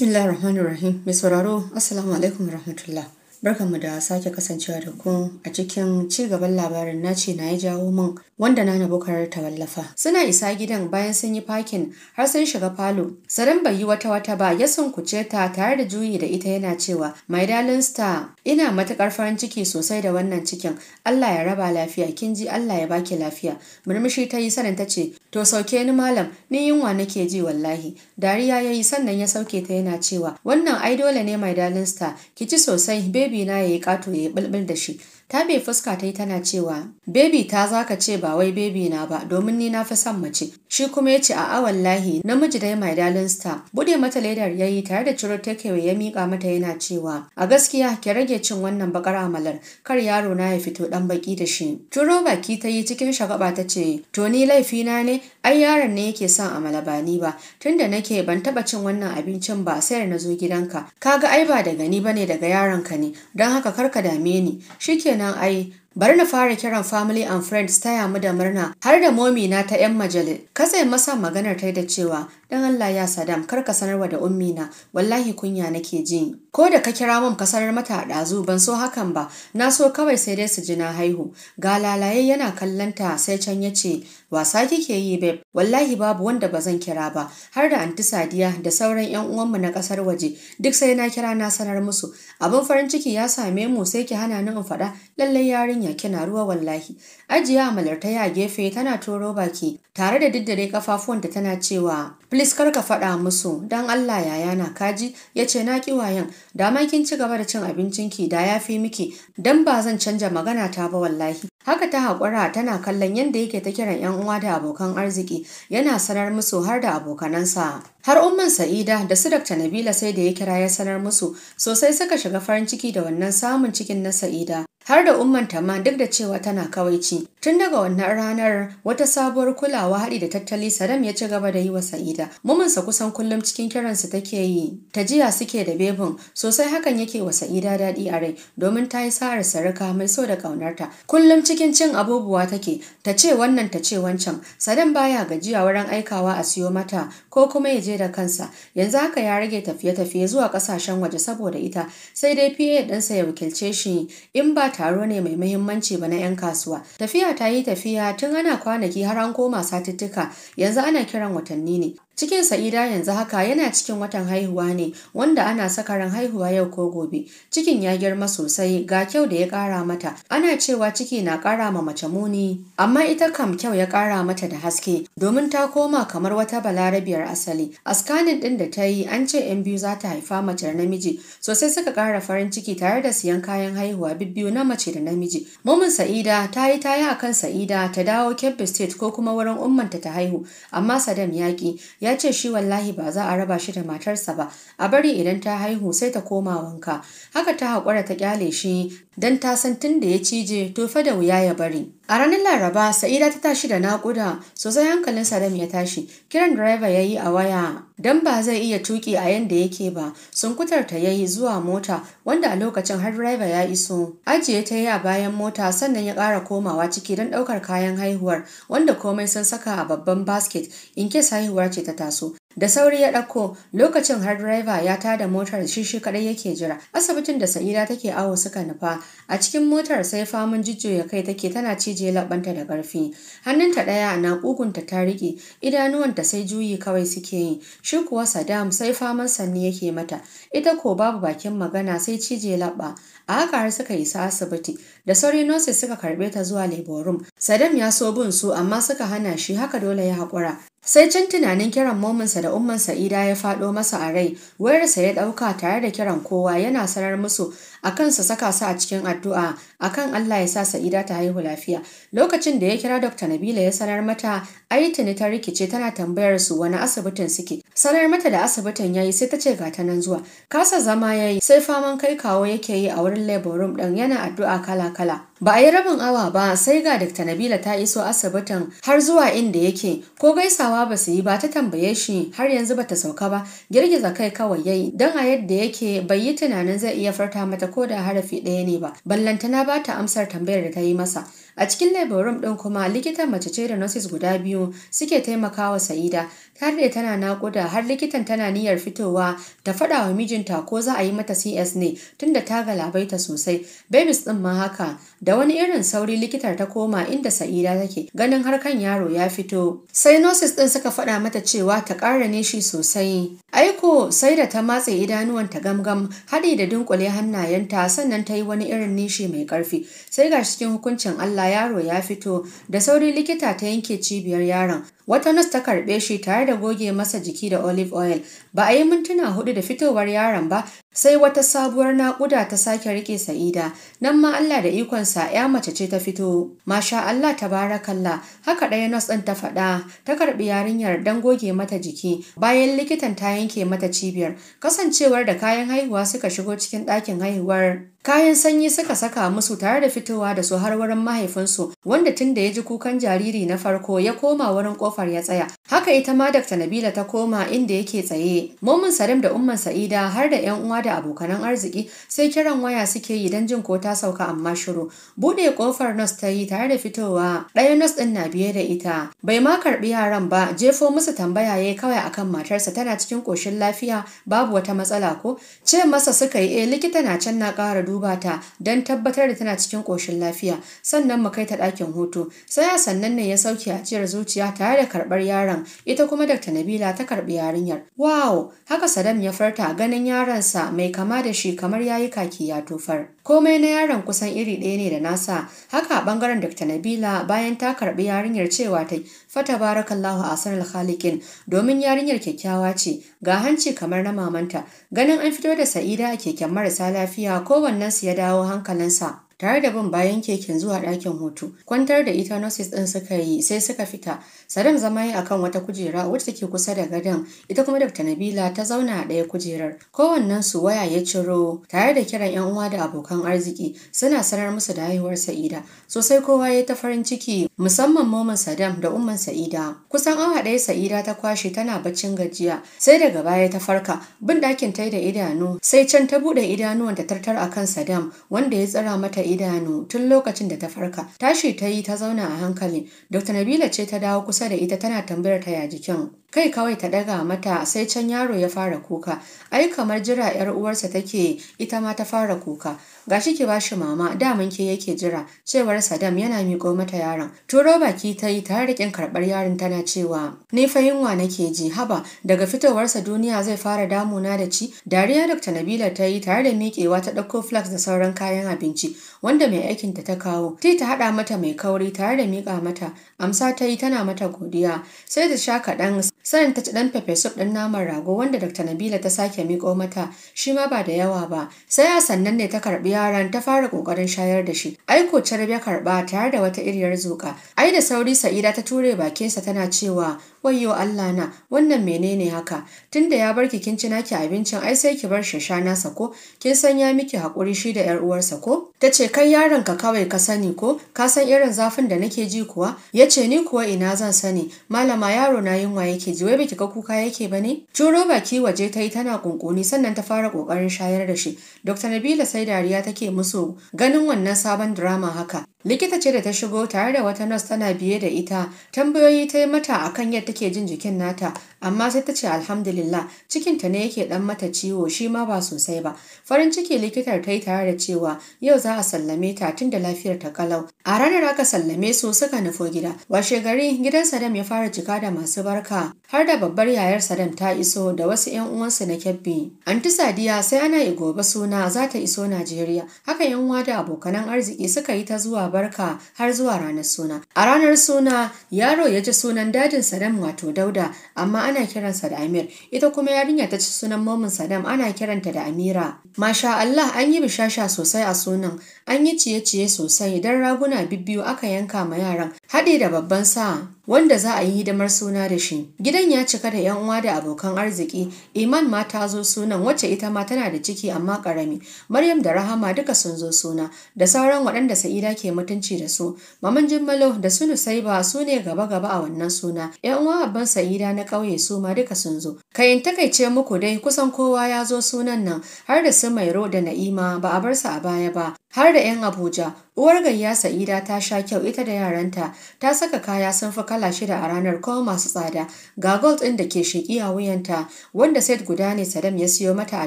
بسم الله الرحمن الرحيم مسوراره السلام عليكم ورحمه الله Barkanmu da sake kasancewa da ku a cikin ci gaban labarin na ce na ya jawo min wanda na Bukar ta wallafa. Suna isa gidan bayan sun yi fakin har sun shiga falo. Sarin bai yi wata wata ba ya sunkuce ta tare da juyi da ita yana cewa "My darling star, ina matukar farin ciki sosai da wannan cikin. Allah ya raba lafiya, kin ji Allah ya baki lafiya." Murmushi ta yi sanin ta ce "To sauke ni malam, ni yunwa nake ji wallahi." Dariya ya yi sannan ya sauke ta yana cewa "Wannan ai dole ne my darling star, ki ci sosai baby mabi ya yayi ƙato yi ɓulɓul da shi Ta Tabe fuska ta yi tana cewa, Baby ta zaka ce ba wai baby na ba domin ni na fi son mace. Shi kuma ya ce a wallahi namiji dai mai dalin star. Bude mata ledar yayi tare da ciro takewa ya mika mata yana cewa, A gaskiya ki rage cin wannan bakar amalar kar yaro na ya fito dan baki da shi. Turo baki ta yi cikin shagaba ta ce, To ni laifi na ne ai yaron ne yake son amala ba ni ba tunda nake ban taba cin wannan abincin ba sai na zo gidanka. Kaga ai ba daga ni bane daga yaron ka ne don haka kar ka dame ni. Shikenan nan ai Bari na fara kiran family and friends taya mu da murna har da momi na ta yan majali. Kasai masa maganar ta da cewa dan Allah ya Sadam kar ka sanarwa da ummi na wallahi kunya nake ji. Ko da ka kira mun ka mata a dazu ban so hakan ba na so kawai sai dai su ji na haihu. Ga lalaye yana kallanta sai can ya ce wasa kike yi babe wallahi babu wanda ba zan kira ba har da anti sadiya da sauran yan uwanmu na kasar waje duk sai na kira na sanar musu abin farin ciki ya same mu sai ki hana ni in faɗa lallai yarinya kina ruwa wallahi ajiya malarta ya gefe tana toro baki tare da diddare kafafuwan da tana cewa please kar ka faɗa musu dan Allah yayana kaji yace na ki wayan da kin ci gaba da cin abincin ki da yafi miki dan ba zan canja magana ta ba wallahi Haka ta haƙura tana kallon yadda yake ta kiran 'yan uwa da abokan arziki yana sanar musu har da abokanansa. Har umman Sa'ida da su Dr. Nabila sai da ya kira ya sanar musu sosai suka shiga farin ciki da wannan samun cikin na Sa'ida. Har da umman ma duk da cewa tana kawai kawaici. Tun daga wannan ranar wata sabuwar kulawa haɗi da tattali Sadam ya ci gaba da yi wa Sa'ida. Muminsa kusan kullum cikin kiransa take yi, ta jiya suke da bebin sosai hakan yake wa Sa'ida daɗi a rai domin ta yi sa'ar sarika mai so da ƙaunarta. Kullum cikin cin abubuwa take, ta ce wannan ta ce wancan. Sadam baya gajiya wurin aikawa a siyo mata ko kuma ya je da kansa. Yanzu haka ya rage tafiye-tafiye zuwa ƙasashen waje saboda ita, sai dai PA ɗinsa ya wakilce shi in ba taro ne mai muhimmanci ba na 'yan kasuwa. Tafiya ta yi tafiya tun ana kwanaki har an koma satuttuka yanzu ana kiran watanni ne. Cikin Sa'ida yanzu haka yana cikin watan haihuwa ne wanda ana saka ran haihuwa yau ko gobe. Cikin ya girma sosai ga kyau da ya ƙara mata. Ana cewa ciki na ƙara ma mace muni, amma ita kam kyau ya ƙara mata da haske domin ta koma kamar wata balarabiyar asali. A scanning ɗin da ta yi an ce 'yan biyu za ta haifa mace da namiji sosai suka ƙara farin ciki tare da siyan kayan haihuwa bibbiyu na mace da namiji. Mumin Sa'ida ta yi taya akan Sa'ida ta dawo Kebbi State ko kuma wurin ummanta ta haihu amma Sadam yaƙi ya ce shi wallahi ba za a raba shi da matarsa ba a bari idan ta haihu sai ta koma wanka haka ta haƙura ta kyale shi don ta san tun da ya cije to fa da wuya ya bari A ranar Laraba, Sa'ida ta tashi da naƙuda sosai hankalin Sadam ya tashi. Kiran direba ya yi a waya don ba zai iya tuƙi a yanda yake ba. sun ta ya yi zuwa mota wanda a lokacin har direba ya iso. Ajiye ta yi a bayan mota sannan ya ƙara komawa ciki don ɗaukar kayan haihuwar wanda komai sun saka a babban basket in kes haihuwar ce ta taso. Da sauri ya ɗauko lokacin har driver ya tada motar shi shi kaɗai yake jira. Asibitin da Sa'ida take awo suka nufa. A cikin motar sai faman jujjuya kai take tana cije labanta da ƙarfi. Hannunta ɗaya na ƙugunta ta riƙe, idanuwanta sai juyi kawai suke yi. Shi kuwa Saddam sai faman sanni yake mata. Ita ko babu bakin magana sai cije laɓa. A haka har suka isa asibiti. Da sauri nurses suka karɓe ta zuwa labor Sadam ya so bin su amma suka hana shi haka dole ya haƙura. Sai can tunanin kiran mominsa da umman Sa'ida ya faɗo masa a rai, wayarsa ya ɗauka tare da kiran kowa yana sanar musu akan sa saka su a cikin addu'a akan Allah ya sa Sa'ida ta haihu lafiya lokacin da ya kira Dr. Nabila ya sanar mata ai ta rikice tana tambayar su wani asibitin suke sanar mata da asibitin yayi sai ta ce ga ta nan zuwa kasa zama yayi sai faman kai kawo yake yi a wurin labor room din yana addu'a kala kala ba a yi rabin awa ba sai ga Dr. Nabila ta iso asibitin har zuwa inda yake ko gaisawa ba su yi ba ta tambaye shi har yanzu ba ta sauka ba girgiza kai kawai yayi dan a yadda yake bai yi tunanin zai iya farta mata ko da harafi ɗaya ne ba ballantana ba ta amsar tambayar da ta yi masa A cikin labor room ɗin kuma likitan mace ce da nurses guda biyu suke taimakawa Sa'ida ta da tana naƙuda har likitan tana niyyar fitowa ta faɗawa wa mijinta ko za a yi mata CS ne tunda ta galabaita sosai. Babies din ma haka da wani irin sauri likitar ta koma inda Sa'ida take ganin har kan yaro ya fito. Sai nurses ɗin suka faɗa mata cewa ta ƙara ne shi sosai. Aiko sai da ta matse ta gamgam haɗi da dunkule hannayenta sannan ta yi wani irin nishi mai ƙarfi. Sai ga cikin hukuncin Allah yaro ya fito da sauri likita ta yanke cibiyar yaron Wata nas ta karɓe shi tare da goge masa jiki da olive oil. Ba a yi mintuna hudu da fitowar yaron ba, sai wata sabuwar naƙuda ta sake rike Sa'ida. Nan ma Allah da ikonsa ya mace ce ta fito. Masha Allah ta barakallah. Haka ɗaya nas ɗin ta faɗa, ta karɓi yarinyar dan goge mata jiki bayan likitan ta yanke mata cibiyar. Kasancewar da kayan haihuwa suka shigo cikin ɗakin haihuwar Kayan sanyi suka saka musu tare da fitowa da su har wurin mahaifinsu, wanda tun da ya ji kukan jariri na farko ya koma wurin ƙofa kofar ya tsaya. Haka ita ma Dr. Nabila ta koma inda yake tsaye. Momin Salim da Umman Sa'ida har da 'yan uwa da abokanan arziki sai kiran waya suke yi don jin ko ta sauka amma shiru. Buɗe kofar nos ta yi tare da fitowa. Ɗaya nos ɗin na biye da ita. Bai ma karbi yaran ba, jefo musu tambaya yayi kawai akan matarsa tana cikin koshin lafiya babu wata matsala ko? Ce masa suka yi eh likita na can na ƙara duba ta don tabbatar da tana cikin koshin lafiya. Sannan mu kai ta ɗakin hutu. Sai sannan ne ya sauke a ciyar zuciya tare da karɓar yaron ita kuma Dr. Nabila ta karɓi yarinyar. Wow! Haka Sadam ya farta ganin yaronsa mai kama da shi kamar yayi kaki ya tofar. Komai na yaron kusan iri ɗaya ne da nasa. Haka a ɓangaren Dr. Nabila bayan ta karɓi yarinyar cewa ta fata barakallahu a sanar khalikin domin yarinyar kyakkyawa ce ga hanci kamar na mamanta ganin an fito da sa'ida a keken marasa lafiya kowannensu ya dawo hankalinsa tare da bin bayan keken zuwa ɗakin hutu kwantar da ita nurses ɗin suka yi sai suka fita sadam zama yi akan wata kujera wacce take kusa da gadon ita kuma dr nabila ta zauna a ɗaya kujerar kowannen su waya ya ciro tare da kiran yan uwa da abokan arziki suna sanar musu da haihuwar sa'ida sosai kowa ya ta farin ciki musamman Momin Sadam da Umman Sa'ida. Kusan awa ɗaya Sa'ida ta kwashe tana baccin gajiya sai daga baya ta farka bin ɗakin ta da idanu sai can ta buɗe idanuwan ta tartar kan Sadam wanda ya tsira mata idanu tun lokacin da ta farka. Tashi ta yi ta zauna a hankali. Dr. Nabila ce ta dawo kusa da ita tana tambayar ta ya jikin. Kai kawai ta ɗaga mata sai can yaro ya fara kuka. Ai kamar jira 'yar uwarsa take ita ma ta fara kuka. ga shi ki bashi mama daman ke yake jira cewar Sadam yana miƙo mata yaron turo baki ta yi tare da kin karɓar yaron tana cewa ni fa yunwa nake ji haba daga fitowarsa duniya zai fara damuna da ci dariya Dr. Nabila ta yi tare da miƙewa ta ɗauko flax da sauran kayan abinci wanda mai aikin ta ta kawo ti ta haɗa mata mai kauri tare da miƙa mata amsa ta yi tana mata godiya sai da sha kaɗan Sanin ta ci ɗan soup ɗin naman rago wanda Dr. Nabila ta sake miƙo mata shi ma ba da yawa ba. Sai a sannan ne ta karɓi yaran ta fara ƙoƙarin shayar da shi. Aiko carab ya karɓa tare da wata iriyar zuƙa. Ai da sauri Sa'ida ta ture bakinsa tana cewa wayyo Allah na wannan menene haka tunda ya barki kin ci naki abincin ai sai ki bar shi sha nasa ko kin san ya miki hakuri shi da yar uwarsa ko tace kai yaron ka kawai ka sani ko ka san irin zafin da nake ji kuwa yace ni kuwa ina zan sani malama yaro na yunwa yake ji wai biki ga kuka yake bane juro baki waje ta yi tana kunkuni sannan ta fara kokarin shayar da shi dr nabila sai dariya take musu ganin wannan sabon drama haka Likita ce da ta shigo tare da wata nas tana biye da ita, tambayoyi ta yi mata akan yadda take jin jikin nata, amma sai ta ce alhamdulillah cikinta ne yake dan mata ciwo shi ma ba sosai ba farin ciki likitar ta yi tare da cewa yau za a sallame ta tun da lafiyar ta kalau a ranar aka sallame su suka nufo gida washe gari gidan sadam ya fara jika da masu barka har da babbar yayar sadam ta iso da wasu yan uwansu na kyabbi anti sadiya sai ana yi gobe suna za ta iso najeriya haka yan da abokanan arziki suka yi ta zuwa barka har zuwa ranar suna a ranar suna yaro ya ji sunan dadin sadam wato dauda amma ana kiransa da Amir, ita kuma yarinya ta ci sunan Mamun Sadam ana kiranta da Amira. Masha Allah an yi bishasha sosai a sunan, An yi ciye-ciye sosai Don raguna bibbiyu aka yanka ma yaran haɗe da babban sa wanda za a yi hidimar suna da shi. Gidan ya cika da 'yan uwa da abokan arziki, Iman ma ta zo sunan wacce ita ma tana da ciki amma ƙarami. Maryam da Rahama duka sun zo suna, da sauran waɗanda Sa'ida ke mutunci da su. Maman jimmalo da su saiba su ne gaba-gaba a wannan suna. 'Yan uwa abban Sa'ida na ƙauye su ma duka sun zo. Kayin takaice muku dai kusan kowa ya zo sunan nan har da su Mairo da Na'ima ba a bar su a baya ba. Har da 'yan Abuja, uwar gayya Sa'ida ta sha kyau ita da yaranta, ta saka kaya sun fi kala shida a ranar kuma masu tsada, ga gold ɗin da ke shiki a wuyanta, wanda set guda ne Sadam ya siyo mata a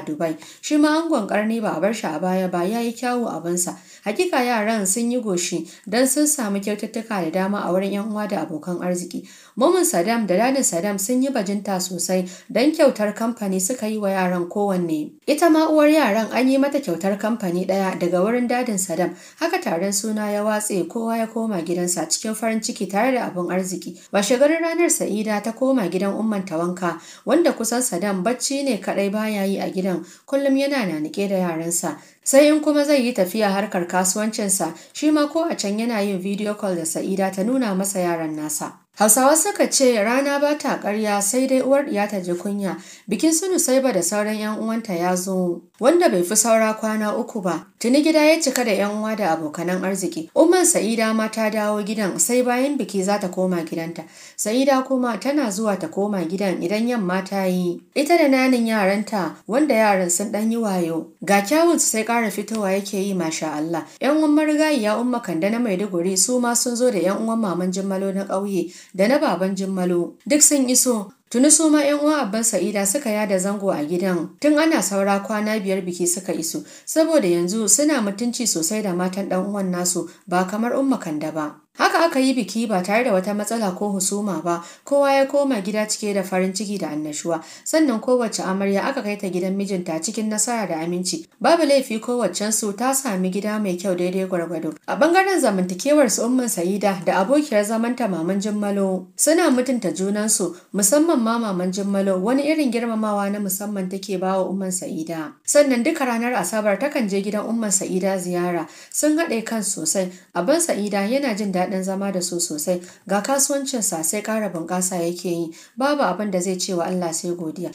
Dubai, shi ma angon ƙarni ba a bar shi a baya ba ya yi kyawu abinsa. Hakika yaran sun yi goshi don sun samu kyaututtuka da dama a wurin 'yan uwa da abokan arziki. Mumun Sadam da Dadin Sadam sun yi bajinta sosai don kyautar kamfani suka yi wa yaran kowanne. Ita ma uwar yaran an yi mata kyautar kamfani ɗaya daga wurin Dadin Sadam. Haka taron suna ya watse kowa ya koma gidansa cikin farin ciki tare da abin arziki. Washegarin ranar Sa'ida ta koma gidan umman ta wanka wanda kusan Sadam bacci ne kaɗai baya yi a gidan kullum yana nanike da yaransa. sai in kuma zai yi tafiya harkar kasuwancinsa shi ma ko a can yana yin video call da sa'ida ta nuna masa yaran nasa Hausawa suka ce rana ba ta ƙarya sai dai uwar ɗiya ta ji kunya, bikin su Nusaiba da sauran ‘yan uwanta ya zo, wanda bai fi saura kwana uku ba. Tuni gida ya cika da 'yan uwa da abokanan arziki. Umar Sa'ida ma ta dawo gidan sai bayan biki za ta koma gidanta. Sa'ida kuma tana zuwa ta koma gidan idan yamma ta yi. Ita da nanin yaranta wanda yaran sun dan yi wayo. Ga kyawun sai ƙara fitowa yake yi masha Allah. 'Yan uwan ya Umma Kande na Maiduguri su ma sun zo da 'yan uwan maman Jummalo na ƙauye da na baban Jummalo. Duk sun iso Tuni su ma ‘yan uwan Abban Sa'ida suka yada zango a gidan tun ana saura kwana biyar biki suka isu saboda yanzu suna mutunci sosai da matan ɗan uwan nasu ba kamar Umma Kande ba. Haka aka yi biki ba tare da wata matsala ko husuma ba, kowa ya koma gida cike da farin ciki da annashuwa, sannan kowace amarya aka kai ta gidan mijinta cikin nasara da aminci. Babu laifi su ta sami gida mai kyau daidai gwargwado. A bangaren zamantakewar su Umman Sa'ida da abokiyar zamanta Maman Jummalo suna mutunta junansu musamman ma Maman Jummalo wani irin girmamawa na musamman take ba wa Umman Sa'ida. Sannan duka ranar Asabar takan je gidan Umman Sa'ida ziyara sun haɗe kan sosai. abin Sa'ida yana jin daɗi daɗin zama da su sosai ga kasuwancinsa sai ƙara bunƙasa yake yi babu abin da zai ce wa Allah sai godiya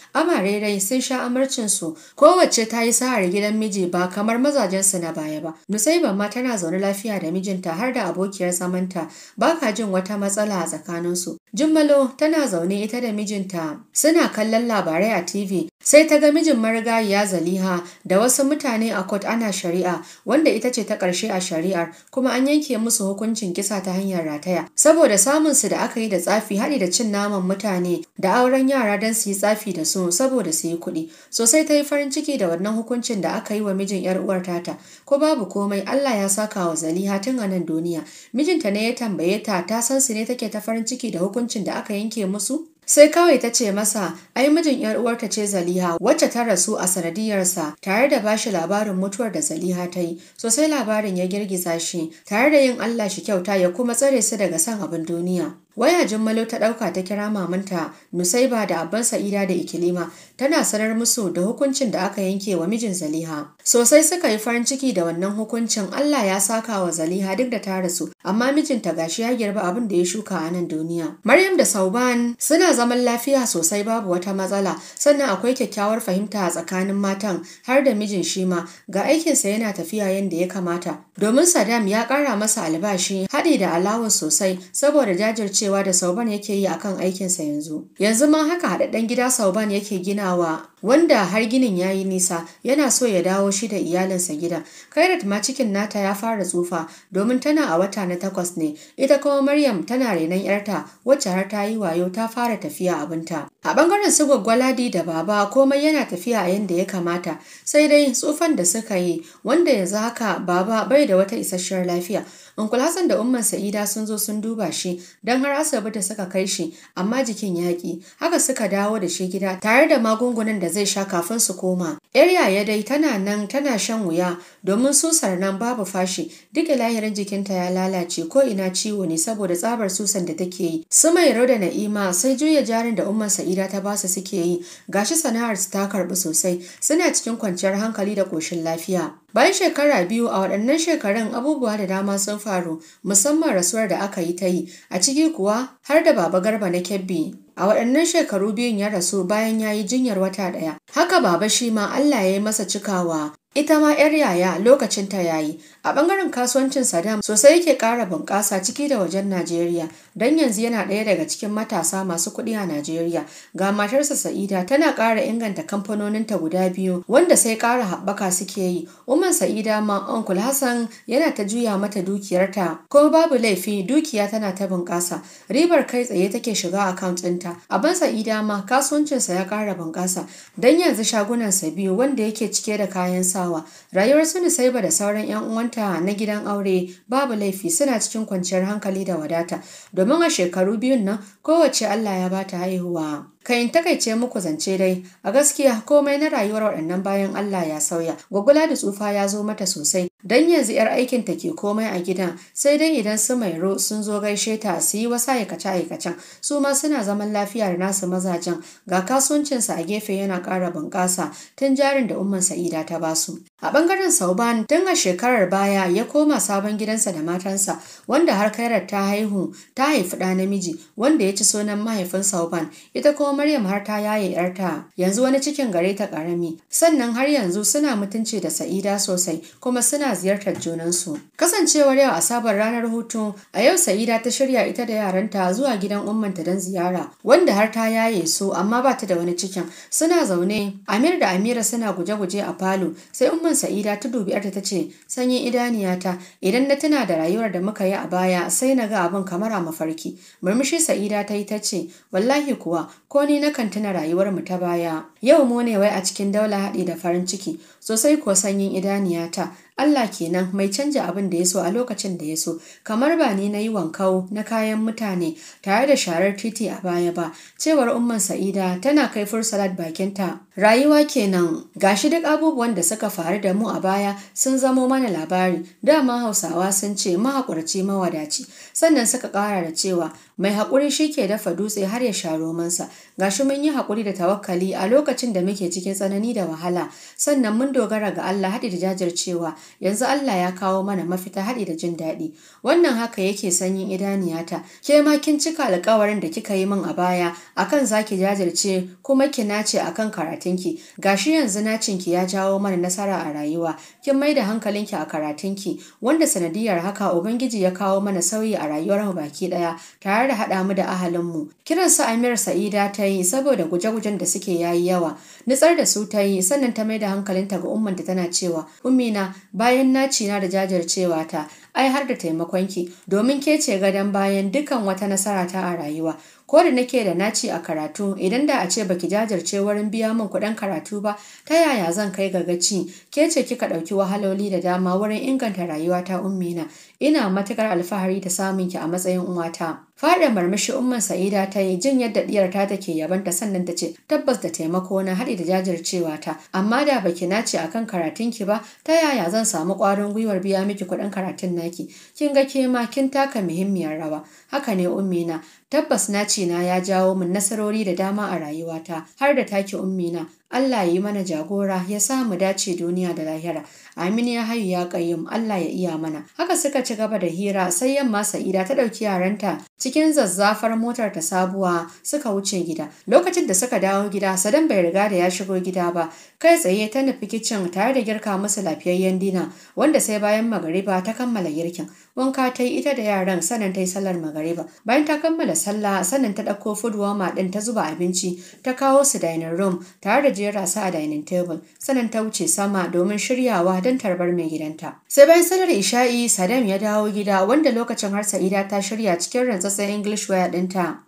dai sun sha amarcin amarcinsu kowace ta yi sa'ar gidan miji ba kamar mazajensu na baya ba nusaiban ma tana zaune lafiya da mijinta har da abokiyar zamanta ba ka jin wata matsala a tsakaninsu jummalo tana zaune ita da mijinta suna kallon labarai a tv sai ta ga mijin marigayiya zaliha da wasu mutane a kot ana shari'a wanda ita ce ta ƙarshe a shari'ar kuma an yanke musu hukuncin kisa ta hanyar rataya saboda samun su da aka yi da tsafi haɗi da cin naman mutane da auren yara don su yi tsafi da su saboda su yi kuɗi sosai ta yi farin ciki da wannan hukuncin da aka yi wa mijin yar uwar tata ko babu komai Allah ya saka wa Zaliha tun a nan duniya mijinta ne ya tambaye ta ta san su ne take ta farin ciki da hukuncin da aka yanke musu sai kawai ta ce masa ai mijin yar uwarta ce Zaliha wacce ta rasu a sanadiyarsa tare da bashi labarin mutuwar da Zaliha ta yi sosai labarin ya girgiza shi tare da yin Allah shi kyauta ya kuma tsare su daga san abin duniya Waya Jummalo ta ɗauka ta kira mamanta Nusaiba da Abban Sa'ida da Ikilima tana sanar musu da hukuncin da aka yanke wa mijin Zaliha. Sosai suka yi farin ciki da wannan hukuncin Allah ya saka wa Zaliha duk da ta rasu amma mijinta gashi ya girba abin da ya shuka a nan duniya. Maryam da Sauban suna zaman lafiya sosai babu wata matsala sannan akwai kyakkyawar fahimta a tsakanin matan har da mijin shi ma ga aikinsa yana tafiya yadda ya kamata domin sadam ya ƙara masa albashi haɗi da alawar sosai saboda jajirce cewa da Sauban yake yi akan aikinsa yanzu. Yanzu ma haka haɗaɗɗen gida Sauban yake ginawa wanda har ginin ya yi nisa yana so ya dawo shi da iyalinsa gida. Kairat ma cikin nata ya fara tsufa domin tana a wata na takwas ne, ita kuma Maryam tana renon ‘yarta wacce har ta yi wayo ta fara tafiya abinta. A bangaren su gwaggwaladi da baba komai yana tafiya a yadda ya kamata, sai dai tsufan da suka yi wanda yanzu haka baba bai da wata isasshiyar lafiya. Unkul Hassan da Umman Sa'ida sun zo sun duba shi don har da suka kai shi amma jikin yaƙi, haka suka dawo da shi gida tare da magungunan da da zai sha kafin su koma. ‘Yar ya dai tana nan tana shan wuya domin susar nan babu fashi duk lahirin jikinta ya lalace ko ina ciwo ne saboda tsabar susan da take yi. Su mai da na'ima sai juya jarin da umman sa'ida ta basu suke yi gashi sana'ar su ta karɓi sosai suna cikin kwanciyar hankali da koshin lafiya. Bayan shekara biyu a waɗannan shekarun abubuwa da dama sun faru musamman rasuwar da aka yi ta yi a ciki kuwa har da baba garba na kebbi A waɗannan shekaru biyun ya rasu bayan ya yi jinyar wata ɗaya. Haka baba shi ma Allah ya yi masa cikawa, ita ma ‘yar yaya lokacinta ya yi. a bangaren kasuwancin sadam sosai yake ƙara bunƙasa ciki da wajen najeriya don yanzu yana ɗaya daga cikin matasa masu kuɗi a najeriya ga matarsa sa'ida tana ƙara inganta kamfanoninta guda biyu wanda sai ƙara haɓaka suke yi umar sa'ida ma onkul hassan yana ta juya mata dukiyarta ko babu laifi dukiya tana ta bunƙasa ribar kai tsaye take shiga akaunt ɗinta aban sa'ida ma kasuwancinsa ya ƙara bunƙasa don yanzu shagunansa biyu wanda yake cike da kayan sawa rayuwar su ba da sauran 'yan uwan mata na gidan aure babu laifi suna cikin kwanciyar hankali da wadata domin a shekaru biyun nan kowace Allah ya bata haihuwa. Kayin takaice muku zance dai, a gaskiya komai na rayuwar waɗannan bayan Allah ya sauya. Gwagwala da tsufa ya zo mata sosai. Don yanzu 'yar aikin ta ke komai a gidan, sai dai idan su mairo sun zo gaishe ta su yi wasu aikace-aikacen, su ma suna zaman lafiya nasu mazajen. Ga kasuwancinsa a gefe yana ƙara bunƙasa tun jarin da umman Sa'ida ta basu. A ɓangaren Sauban tun a shekarar baya ya koma sabon gidansa da matansa wanda har kairar ta haihu ta haifi ɗa namiji wanda ya ci sunan mahaifin Sauban ita kuma tsoho Maryam har ta yaye ‘yarta, yanzu wani cikin gare ta ƙarami. Sannan har yanzu suna mutunci da Sa'ida sosai kuma suna ziyartar junansu. Kasancewar yau asabar ranar hutu, a yau Sa'ida ta shirya ita da yaranta zuwa gidan ummanta don ziyara, wanda har ta yaye su amma ba ta da wani cikin. Suna zaune, Amir da Amira suna guje-guje a falo, sai umman Sa'ida ta dubi ‘yarta ta ce, sanyin idaniyata, idan na tuna da rayuwar da muka yi a baya sai na ga abin kamar a mafarki. Murmushi Sa'ida ta yi ta ce, wallahi kuwa, ko ko ni nakan tuna rayuwarmu ta baya yau mu ne wai a cikin daula haɗi da farin ciki sosai ko sanyin idaniyata Allah kenan mai canja abin da ya so a lokacin da ya so kamar ba ni na yi wankau na kayan mutane tare da sharar titi a baya ba cewar umman sa'ida tana kai fursalat bakinta rayuwa kenan gashi duk abubuwan da suka faru da mu a baya sun zamo mana labari dama hausawa sun ce mahaƙurci mawadaci sannan suka ƙara da cewa mai haƙuri shi ke dafa dutse har ya sha romansa gashi mun yi haƙuri da tawakkali a lokacin da muke cikin tsanani da wahala sannan mun dogara ga Allah haɗi da jajircewa yanzu Allah ya kawo mana mafita haɗi da jin daɗi wannan haka yake sanyin idaniyata ke ma kin cika alƙawarin da kika yi min a baya akan zaki jajirce kuma ki nace akan karatunki gashi yanzu nacin ki ya jawo mana nasara a rayuwa kin mai da hankalinki a karatunki wanda sanadiyar haka ubangiji ya kawo mana sauyi a rayuwar mu baki ɗaya tare da haɗa mu da ahalinmu kiran su Amir Sa'ida ta yi saboda guje-gujen da suke yayi yawa nitsar da su ta yi sannan ta mai da hankalinta ga ummanta tana cewa ummina bayan naci na da jajircewa ta ai har da taimakonki domin ke ce gadon bayan dukan wata nasara ta a rayuwa ko da nake da naci a karatu idan da a ce baki jajirce wurin biya min kuɗin karatu ba ta yaya zan kai ga gaci ke ce kika ɗauki wahaloli da dama wurin inganta rayuwata ummina ina matukar alfahari da samunki a matsayin uwata faɗin marmashi umman Sa'ida ta yi jin yadda diyar ta take yabanta sannan ta ce tabbas da taimako na haɗi da jajircewa ta amma da baki na nace akan karatun ki ba ta yaya zan samu ƙwarin gwiwar biya miki kuɗin karatun naki kin ga ke ma kin taka muhimmiyar rawa haka ne ummi na tabbas naci na ya jawo min nasarori da dama a rayuwata har da take ummina Allah ya yi mana jagora ya samu mu dace duniya da lahira Amin ya hayu ya kayyum Allah ya iya mana. Haka suka ci gaba da hira sai yamma Sa'ida ta ɗauki yaranta cikin zazzafar motar ta sabuwa suka wuce gida. Lokacin da suka dawo gida Sadan bai riga da ya shigo gida ba. Kai tsaye ta nufi kicin tare da girka musu lafiyayyen dina wanda sai bayan magariba ta kammala girkin. Wanka ta yi ita da yaran sannan ta yi sallar magariba. Bayan ta kammala sallah sannan ta ɗauko fudwama ɗin ta zuba abinci ta kawo su dining room tare da jera su a dining table sannan ta wuce sama domin shiryawa da don tarbar mai gidanta. Sai bayan sanar Isha'i, Sadam ya dawo gida wanda lokacin har Sa'ida ta shirya cikin rantsatsan English waya ɗinta.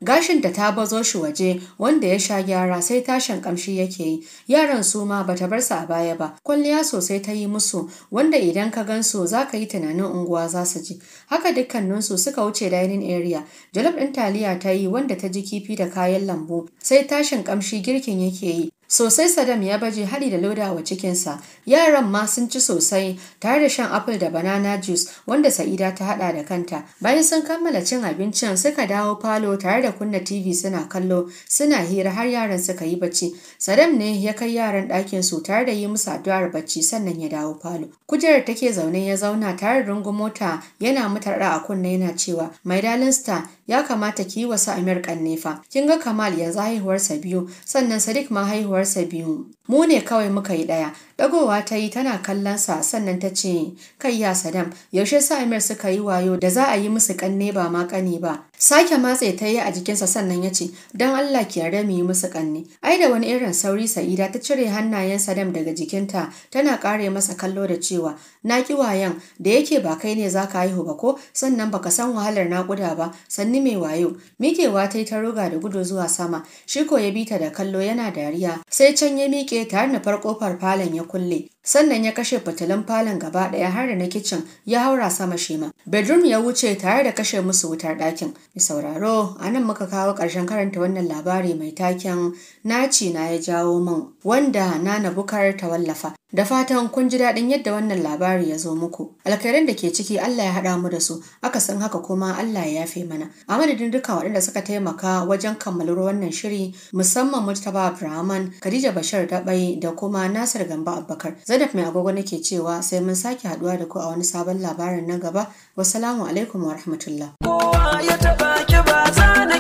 da ta bazo shi waje wanda ya sha gyara sai tashin kamshi yake yi. Yaran su ma bata bar su a baya ba. Kwalliya sosai ta yi musu wanda idan ka gan su za ka yi tunanin unguwa za su ji. Haka dukkaninsu suka wuce dining area. Jalof ɗin taliya ta yi wanda ta ji kifi da kayan lambu. Sai tashin kamshi girkin yake yi. Sosai Sadam ya baje haɗi da loda wa cikinsa, yaran ma sun ci sosai tare da shan apple da banana juice wanda Sa'ida ta hada da kanta. Bayan sun kammala cin abincin suka dawo falo tare da kunna TV suna kallo, suna hira har yaran suka yi bacci. Sadam ne ya kai yaran ɗakin su tare da yi musu addu'ar bacci sannan ya dawo falo. Kujerar take zaune ya zauna tare da rungu mota yana mutarɗa a kunna yana cewa, "Mai dalin star, ya kamata ki yi wasu Amir nefa Kin ga Kamal yanzu haihuwarsa biyu, sannan Sadiq ma haihuwar idanuwarsa biyu mu ne kawai muka yi ɗaya ɗagowa ta yi tana kallon sa sannan ta ce kai ya sadam yaushe sa suka yi wayo da za a yi musu kanne ba ma kani ba Sake matse ta yi a jikinsa sannan ya ce, Don Allah ki yarda mu yi musu ƙanne. Ai da wani irin sauri Sa'ida ta cire hannayen Sadam daga jikinta tana ƙare masa kallo da cewa, Na ki wayan da yake ba kai ne za ka haihu ba ko sannan baka san wahalar naƙuda ba sanni mai wayo. Miƙewa ta yi ta ruga da gudu zuwa sama, shi ko ya bi ta da kallo yana dariya. Sai can ya miƙe tare da farko falon ya kulle. sannan ya kashe fitilun falon gaba ɗaya har da na kicin ya haura sama shema Bedroom ya wuce tare da kashe musu wutar ɗakin. Ya sauraro, a nan muka kawo ƙarshen karanta wannan labari mai taken naci na ya jawo min wanda na bukar ta wallafa. Da fatan kun ji daɗin yadda wannan labari ya zo muku. Alkairin da ke ciki Allah ya haɗa mu da su, aka san haka kuma Allah ya yafe mana. A madadin duka waɗanda suka taimaka wajen kammalar wannan shiri musamman Murtaba Abrahaman, Khadija bashar Dabai da kuma Nasir Gamba Abubakar. Zainab mai agogo nake cewa sai mun sake haɗuwa da ku a wani sabon labarin na gaba. Wassalamu alaikum wa rahmatullah. Kowa ya taɓa ki ba za na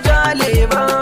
ba.